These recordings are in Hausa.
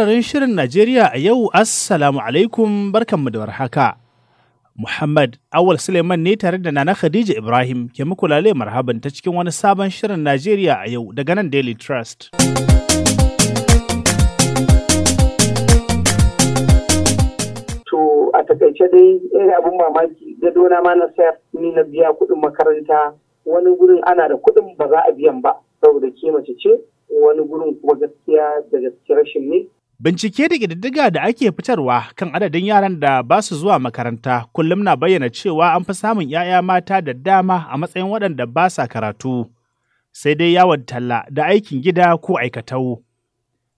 sauraron Shirin Najeriya a yau, Assalamu alaikum barkanmu da warhaka. Muhammad Awal Suleiman ne tare da Nana Khadija Ibrahim ke muku lale marhaban ta cikin wani sabon Shirin Najeriya a yau daga nan Daily Trust. To a takaice dai ina eh, abin mamaki dona ma na sayar ni na biya kuɗin makaranta wani gurin ana da kuɗin ba za a biyan ba saboda ke mace ce wani gurin kuma gaskiya da gaske rashin ne Bincike da ƙididdiga da ake fitarwa kan adadin yaran da ba su zuwa makaranta kullum na bayyana cewa an fi samun ‘ya'ya mata da dama a matsayin waɗanda ba sa karatu, sai dai yawon talla da aikin gida ko aikatau.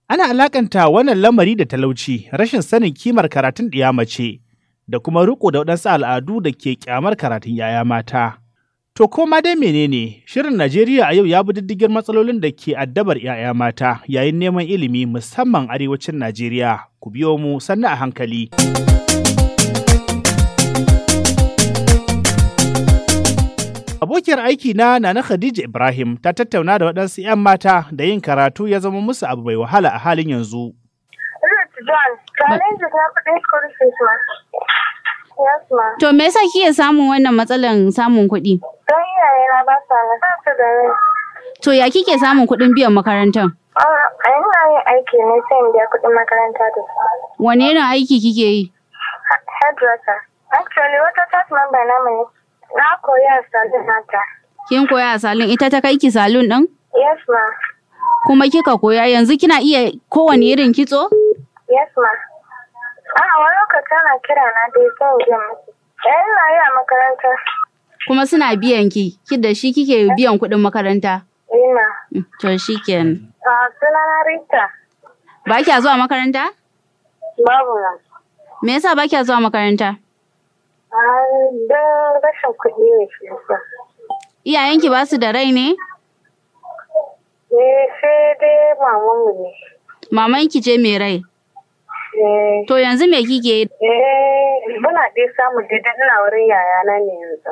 Ana alakanta wannan lamari da talauci, rashin sanin kimar karatun ɗiya mace, da kuma riƙo da waɗansu al'adu da ke ƙyamar karatun ‘ya'ya mata. To koma dai menene shirin Najeriya a yau ya bi diddigin matsalolin da ke addabar 'ya'ya mata yayin neman ilimi musamman arewacin Najeriya ku biyo mu sannu a hankali. Abokiyar aiki na Nana Khadija Ibrahim ta tattauna da waɗansu 'yan mata da yin karatu ya zama musu abu mai wahala a halin yanzu. To me yasa kike samun wannan matsalan samun kuɗi? Don iyaye na ba sa ba su da rai. To ya kike samun kuɗin biyan makarantar? A ina yin aiki ne sai in biya kuɗin makaranta da su. Wane irin aiki kike yi? Hairdresser. Actually wata chat member na mai na koya a salon nata. Kin koya a salon ita ta kai ki salon ɗin? Yes ma. Kuma kika koya yanzu kina iya kowane irin kitso? Yes ma. A'a wani lokaci ana kira na dai sau biyan musu. Yayin eh, na yi a makaranta. Kuma suna biyan ki, ki da shi kike biyan kuɗin makaranta? Ina. Mm, to shi kenan. A suna na Rita. Ba kya zuwa makaranta? Babu na. Me yasa ba kya zuwa makaranta? Don rashin kuɗi ne shi yasa. Iyayenki ba su da rai ne? Eh sai dai mamanmu ne. Mamanki ce mai rai? Eh. To yanzu me kike? Eh, muna dai samu dida ina wurin yayana ne yanzu.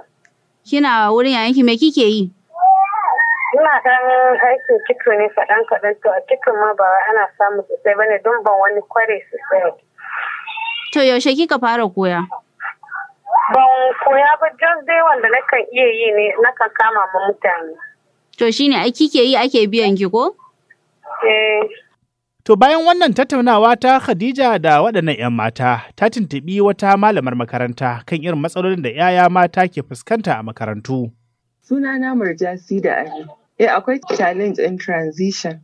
Kina wurin yayanki me kike yi? Ina dan aikin kitso ne kaɗan kaɗan to a cikin ma ba ana samu sosai bane don ban wani kware sosai. To yaushe kika fara koya? Ban koya ba just dai wanda nakan iya yi ne nakan kama ma mutane. To shine ai kike yi ake biyan ki ko? Eh. To bayan wannan tattaunawa ta Khadija da waɗannan 'yan mata ta tuntuɓi wata malamar makaranta kan irin matsalolin da 'ya'ya mata ke fuskanta a makarantu. Suna Sunana Murjasi da Ali. Eh akwai challenge in transition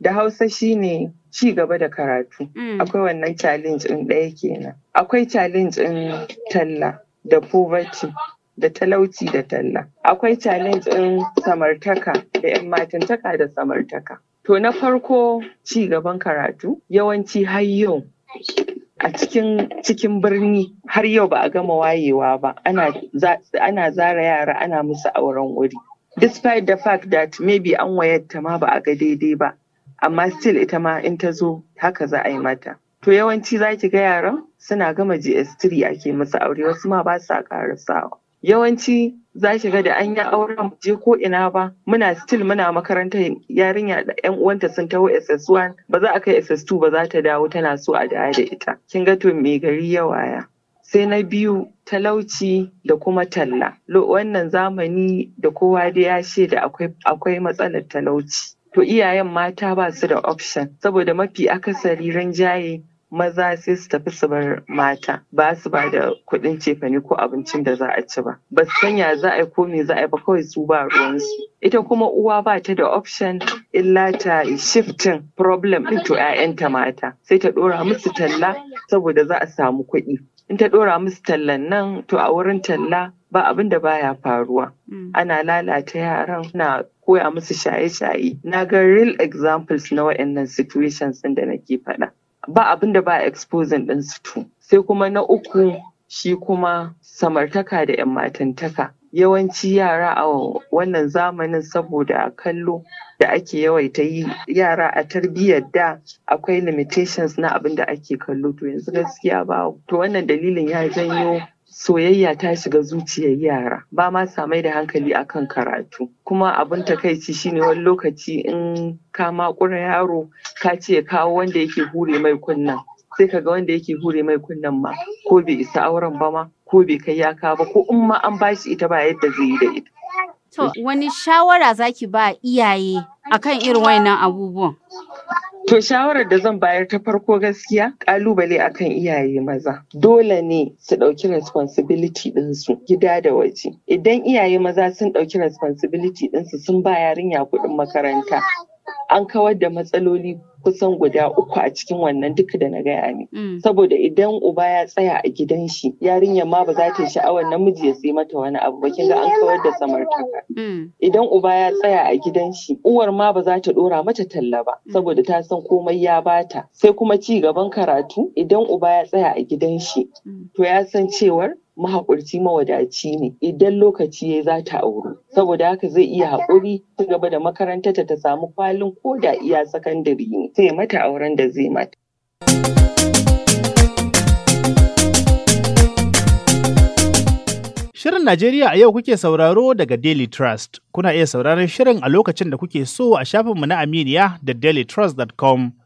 da Hausa shine ci gaba da karatu. Mm. Akwai wannan challenge in ɗaya kenan. Akwai challenge in talla da poverty. da talauci da talla. Akwai challenge in samartaka da 'yan matantaka da samartaka. To na farko ci gaban karatu yawanci har yau a cikin cikin birni har yau ba a gama wayewa ba ana zara yara ana musu auren wuri. Despite the fact that maybe an wayarta ma ba a ga daidai ba, amma still ita ma in ta zo haka za a yi mata. To yawanci za ki ga yaran suna gama GS3 ake musu aure wasu ma ba sa ƙarasawa. Yawanci za ki ga da an yi auren je ko ina ba muna still muna makarantar yarinya da yan uwanta sun taho SS1 ba za a kai SS2 ba za ta dawo tana so a dawo da ita kin ga to me gari ya waya sai na biyu talauci da kuma talla wannan zamani da kowa da ya da akwai akwai matsalar talauci to iyayen mata ba su da option saboda mafi akasari rinjaye maza sai su tafi su bar mata ba su ba da kuɗin cefane ko abincin da za a ci ba ba su sanya za a yi ko me za a yi ba kawai su ba ruwansu ita kuma uwa ba ta da option illa ta shiftin problem ɗin to 'ya'yanta mata sai ta ɗora musu talla saboda za a samu kuɗi in ta ɗora musu tallan nan to a wurin talla ba abin da baya faruwa mm. ana lalata yaran na koya musu shaye-shaye na ga real examples na waɗannan situations ɗin da nake faɗa ba abin da ba exposing ɗin su to sai kuma na uku shi kuma samartaka da 'yan matantaka yawanci yara a wannan zamanin saboda kallo da ake yawaita yi yara a tarbiyyar da akwai limitations na abin da ake kallo to yanzu gaskiya ba to wannan dalilin ya janyo soyayya ta shiga zuciyar yara ba ma sa mai da hankali akan karatu kuma abin takaici shine wani lokaci in ka makura yaro ka ce ya kawo wanda yake hure mai kunnan sai ka ga wanda yake hure mai kunnan ma ko bai isa auren ba ma ko bai kai ya kawo ba ko in ma an ba shi ita ba yadda zai yi da ita to wani shawara zaki ba iyaye akan irin wayannan abubuwan To shawarar da zan bayar ta farko gaskiya kalubale akan iyaye maza. Dole ne su ɗauki responsibility ɗinsu gida da waje. Idan iyaye maza sun ɗauki responsibility ɗinsu sun ba yarinya kuɗin makaranta an kawar da matsaloli kusan guda uku a cikin wannan duka da na gaya ne. Mm. Saboda idan uba ya tsaya a gidan shi yarinyar ma ba za ta yi sha'awar namiji ya sai mata wani abu ba kinga an kawar da samartaka. Mm. Idan uba ya tsaya a gidan shi uwar ma ba za ta ɗora mata talla ba mm. saboda ta san komai ya bata. Sai kuma ci gaban karatu idan uba ya tsaya a gidan shi to ya san cewar mahaƙurci mawadaci ne idan lokaci ya za ta auru saboda haka zai iya haƙuri ta gaba da makaranta ta samu kwalin ko da iya sakandare ne sai mata auren da zai mata. Shirin Najeriya a yau kuke sauraro daga Daily Trust. Kuna iya sauraron shirin a lokacin da kuke so a shafinmu na Aminiya da dailytrust.com.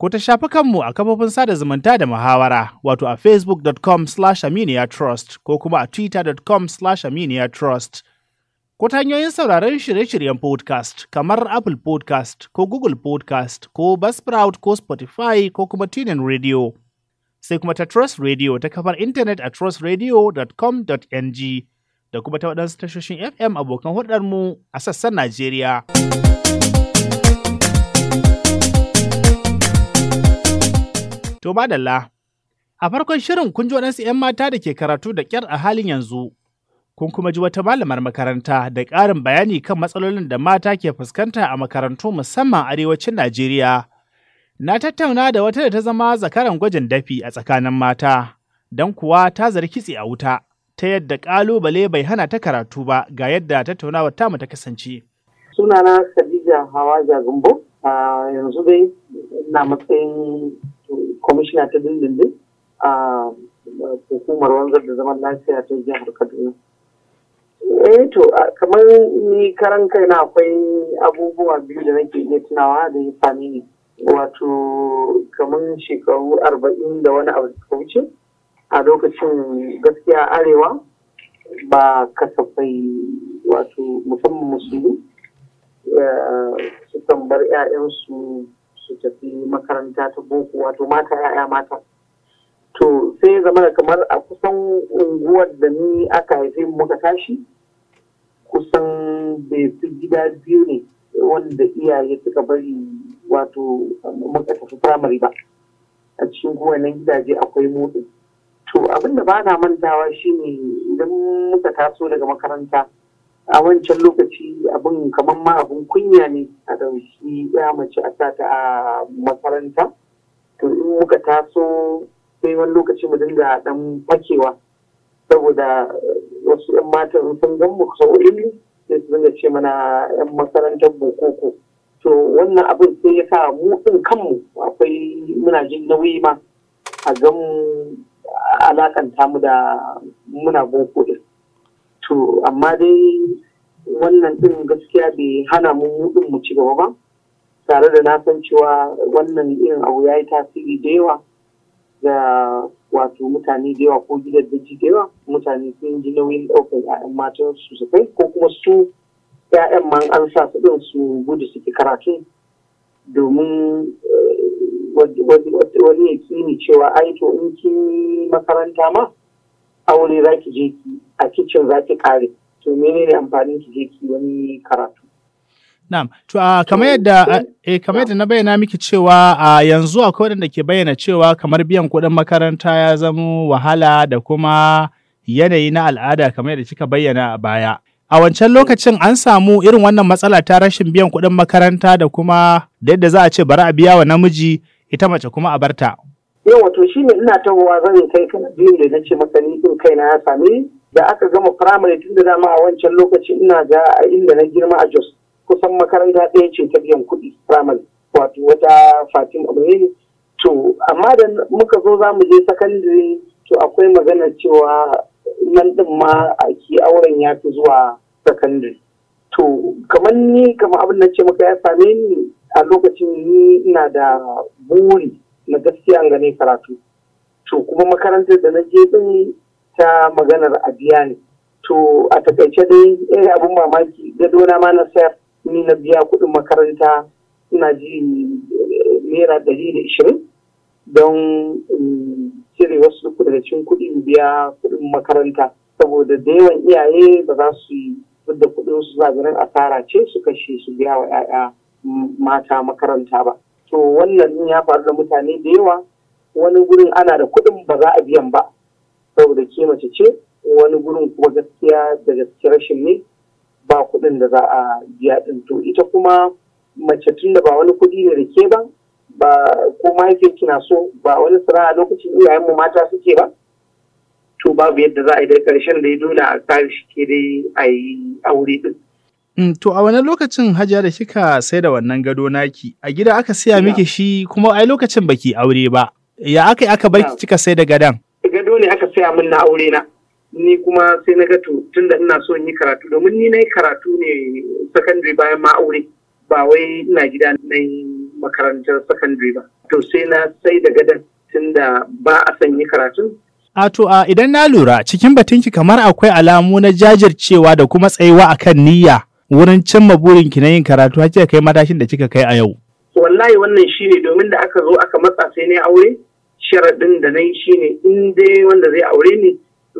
ko ta kanmu a kafofin sada zumunta da muhawara wato a facebook.com slash trust ko kuma a twitter.com slash trust ko ta hanyoyin sauraron shirye-shiryen podcast kamar apple podcast ko google podcast ko buzzsprout ko spotify ko kuma tunin radio sai kuma ta trust radio ta kafar intanet a trustradio.com.ng da kuma ta waɗansu tashoshin fm abokan hulɗarmu a sassan najeriya. To madalla, a farkon shirin kun ji waɗansu ‘yan mata da ke karatu da ƙyar a halin yanzu, kun kuma ji wata malamar makaranta da ƙarin bayani kan matsalolin da mata ke fuskanta a makarantu musamman arewacin Najeriya. Na tattauna da wata da ta zama zakaran gwajin dafi a tsakanin mata, don kuwa ta zari kitse a wuta, ta yadda ƙalubale bai hana ta karatu ba ga yadda tattaunawar tamu ta kasance. Sunana Khadija Hawa Jagumbo, yanzu dai na matsayin kwamishina ta dindindin a hukumar wanzar da zaman lafiya ta jihar kaduna eh to kamar ni karan kai na akwai abubuwa biyu da nake iya tunawa da ya same ni wato kamar shekaru arba'in da wani abu da wuce a lokacin gaskiya arewa ba kasafai wato musamman musulmi eh, sukan bar 'ya'yansu su tafi makaranta ta boko wato mata ya'ya mata to sai zama da kamar a kusan unguwar da ni aka haife muka tashi kusan bai fi gida biyu ne wanda iyaye suka bari wato muka tafi firamare ba a cikin kowane gidaje akwai motsi to abin da ba na mantawa shine idan muka taso daga makaranta a wancan lokaci abin kamar ma abin kunya ne a ɗauki ya mace a sata a makaranta to in muka taso sai wani lokaci mu dinga dan fakewa saboda wasu 'yan matan sun gan mu sau ilmi sai su dinga ce mana 'yan makarantar bokoko to wannan abin sai ya sa mu ɗin kanmu akwai muna jin nauyi ma a gan alakanta mu da muna boko ɗin to amma dai wannan din gaskiya bai hana mu din mu ci gaba ba tare da na san cewa wannan irin abu ya yi tasiri da yawa ga wato mutane da yawa ko gidan da da yawa mutane sun ji nauyin ɗaukar 'ya'yan matan su su kai ko kuma su 'ya'yan man an sa su din su gudu ki karatu domin eh, wani ya kini cewa ai to in ki makaranta ma aure za ki je ki a kicin za ki kare to menene amfanin ki je ki wani karatu Na'am. To uh, kamar yadda ah, eh kamar yadda na bayyana miki cewa a ah, yanzu akwai wanda ke bayyana cewa kamar biyan kuɗin makaranta ya zama wahala da kuma yanayi na al'ada kamar yadda kika bayyana a baya. A wancan lokacin an samu irin wannan matsala ta rashin biyan kuɗin makaranta da kuma da yadda za a ce bari a biya wa namiji ita mace kuma a barta. Yau wato shi ne ina tawowa zan kai kana biyun da na ce maka ni kai kaina ya same da aka gama firamare tun da dama a wancan lokaci ina ga a inda na girma a Jos kusan makaranta ɗaya ce ta biyan kuɗi firamare wato wata Fatim Abdulrahim to amma da muka zo za mu je sakandare to akwai magana cewa nan ɗin ma a ki auren ya fi zuwa sakandare to kamar ni kamar abin da ce maka ya same ni a lokacin ni ina da buri na gaskiya gane karatu to kuma makarantar da na je din ta maganar abiya ne to a takaice dai eh abun mamaki gado ma na sayar ni na biya kuɗin makaranta ina ji eh, naira ɗari da ishirin don cire wasu kudancin cikin kuɗin biya kuɗin makaranta saboda da yawan iyaye ba za su yi da kuɗin su zagarin asara ce su kashe su biya wa 'ya'ya mata makaranta ba to wannan ya faru da mutane da yawa wani gurin ana da kuɗin ba za a biyan ba saboda ke mace ce wani gurin kuma gaskiya da gaske rashin ne ba kuɗin da za a biya ɗin to ita kuma mace tun da ba wani kuɗi ne da ke ba ba ko mahaifiyar kina so ba wani a lokacin iyayen mu mata suke ba to babu yadda za a yi dai ƙarshen da ya dole a kare shi ke dai a yi aure ɗin. Mm, to a wani lokacin hajiya da kika sai da wannan gado naki a gida aka siya miki shi kuma ai lokacin baki aure ba ya aka aka barki kika sai da gadan. ado ne aka saya min na aure na ni kuma sai na gato to tunda ina so yi karatu domin ni na yi karatu ne secondary bayan ma aure ba wai ina gida na yi makarantar secondary ba to sai na sai da gadan tunda ba a son yi karatu? A to a idan na lura cikin batunki kamar akwai alamu na jajircewa da kuma tsayuwa akan niyya wurin cimma ki na yin karatu har kai matashin da kika kai a yau. Wallahi wannan shine domin da aka zo aka matsa sai ne aure sharaɗin da na yi shi ne in dai wanda zai aure ni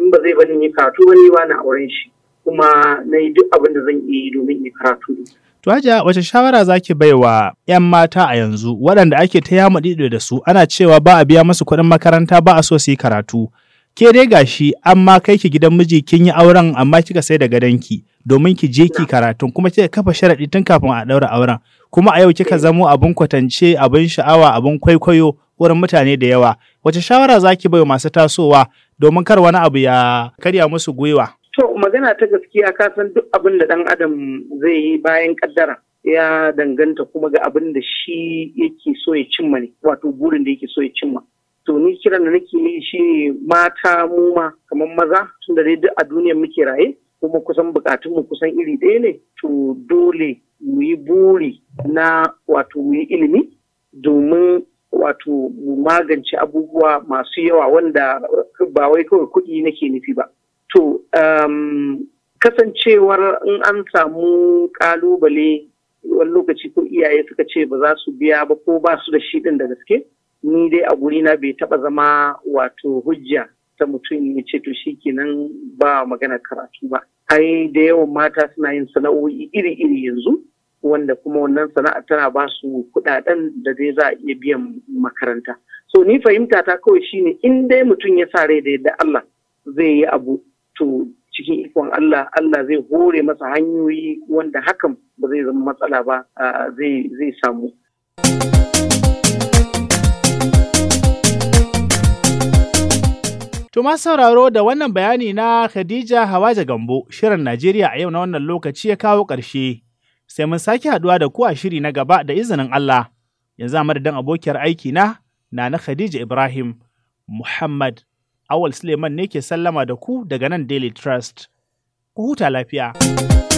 in ba zai bani yi karatu ba ni ba na auren shi kuma na yi duk abin da zan iya yi domin yi karatu. To Hajiya wace shawara zaki bai wa 'yan mata a yanzu waɗanda ake ta yamu da su ana cewa ba a biya masu kuɗin makaranta ba a so su yi karatu. Ke dai gashi amma kai ki gidan miji kin yi auren amma kika sai da ki, domin ki je ki karatu. kuma kika kafa sharaɗi tun kafin a ɗaura auren. kuma a yau kika eh. zamo abin kwatance abin sha'awa abin kwaikwayo wurin mutane da yawa. Wace shawara za ki bai masu tasowa domin kar wani abu ya karya musu gwiwa? To magana ta gaskiya ka san duk abin da ɗan adam zai yi bayan kaddara ya danganta kuma ga abin da shi yake so ya cimma ne wato burin da yake so ya cimma. to ni kiran da nake yi shi mata mu kamar maza tun da duk a duniyar muke raye kuma kusan bukatun mu kusan iri ɗaya ne to dole mu yi buri na wato mu yi ilimi domin wato mu magance abubuwa masu yawa wanda ba wai kawai kuɗi nake nufi ba. To, um, kasancewar in an samu ƙalubale wani lokaci ko iyaye suka ce ba za su biya ba ko ba su da shi ɗin da gaske, ni dai a guri na bai taɓa zama wato hujja ta mutum ya ce to shi kenan ba magana karatu ba. Ai da yawan mata suna yin sana'o'i iri-iri yanzu. wanda kuma wannan sana'a tana ba su kuɗaɗen da zai za a iya biyan makaranta so ni fahimta ta kawai shine in dai mutum ya sa rai da yadda Allah zai yi abu to cikin ikon Allah Allah zai hore masa hanyoyi wanda hakan ba zai zama matsala ba zai samu. Tuma sauraro da wannan bayani na Khadija Hawaja Gambo, Shirin Najeriya a yau na wannan lokaci ya kawo ƙarshe. sai mun sake haɗuwa da ku a shiri na gaba da izinin Allah, yanzu a madadin abokiyar aiki na na na Khadija Ibrahim Muhammad Awal Suleiman ne ke sallama da ku daga nan Daily Trust. Ku huta lafiya.